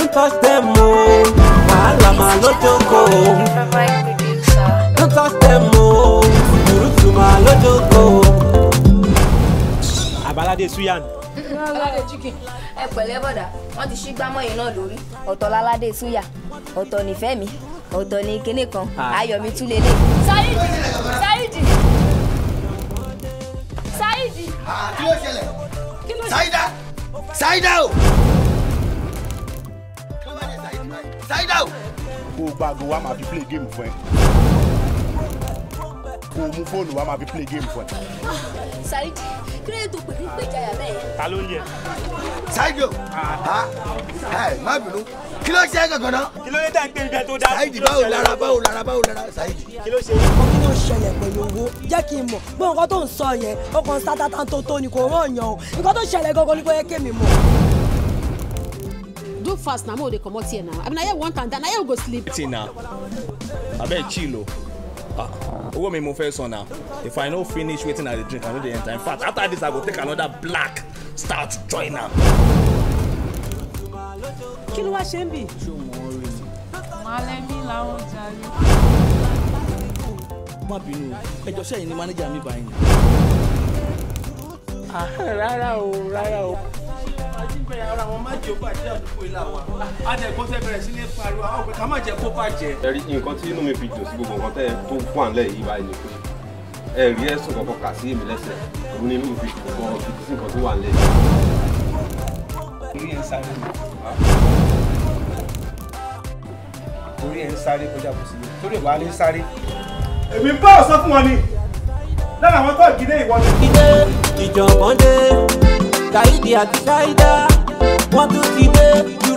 Don't touch them, oh. Wàhálà máa ló jókòó. Don't touch them, oh. Burúkú máa ló jókòó. Àbáládé Suyan. Abalade Chicken. Ẹ pẹ̀lẹ́ bọ̀dà, wọ́n ti ṣí gbámọ́ yìí náà lórí. Ọ̀tọ̀ láládé Suya, ọ̀tọ̀ nìfẹ́ mi, ọ̀tọ̀ ni kinní kan, ayọ̀ mi tún lélẹ̀. Sáyidì, Sáyidì, Sáyidì. Kí ló ṣẹlẹ̀? Sáyidà, Sáyidà o ṣáídà o. kó o gbàgbọ́ wa máa fi play game for. ẹ kó o mú fóònù wa máa game for. ẹ. ṣáídì kí ló tó pè mí pé jaya bẹ́ẹ̀. ta ló ń yẹ. ṣáídì o ah. ah, má Kilo kí ló ṣe é gangan náà. kí ló dé tá n gbé ibẹ̀ tó dáa. ṣáídì báwo lára báwo lára báwo lára ṣáídì. kí ló ṣe é. ọkọ kí ló ṣẹlẹ̀ pẹ̀lú owó jẹ́ kí n mọ̀ gbọ́n nǹkan tó ń sọ yẹn ó kàn sátátá tó tó ni kò rán yàn o nǹkan do fast na mo dey comot here now i mean na here we want am down na here we go sleep. ti na abeg chill o ah, owó mi mo fẹ́ sọ na if i no finish wetin i dey drink i no dey enter in fact after this i go take another black start join am. kí ló wá ṣe ń bì. malẹ́bí làwọn jàre. má bínú ẹjọ́ sẹ́yìn ni mánéjà mi bá yín. Ah, rárá o rárá o má jẹ́ kó bàjẹ́ àdúgbò ilà wa adẹ̀kọ́ tẹ bẹ̀rẹ̀ sí ní nǹkan tí inú mi fi dùn sí gbogbo nǹkan tẹ́ tó wà ńlẹ̀ yìí báyìí ni ẹ rí ẹ̀sùn kankan kà sí èmi lẹ́sẹ̀ òun ni inú mi fi dùn gan sí nǹkan tó wà ńlẹ̀ yìí. orí ẹ̀ orí ẹ̀ ń sáré kọjá bó sì torí ìwà lè sáré. èmi bá ọ̀sán fún wọn ni lára àwọn tó ìdílé ìwọ ni. ìdílé dé kàìdí àti ṣáìdá. What do you do?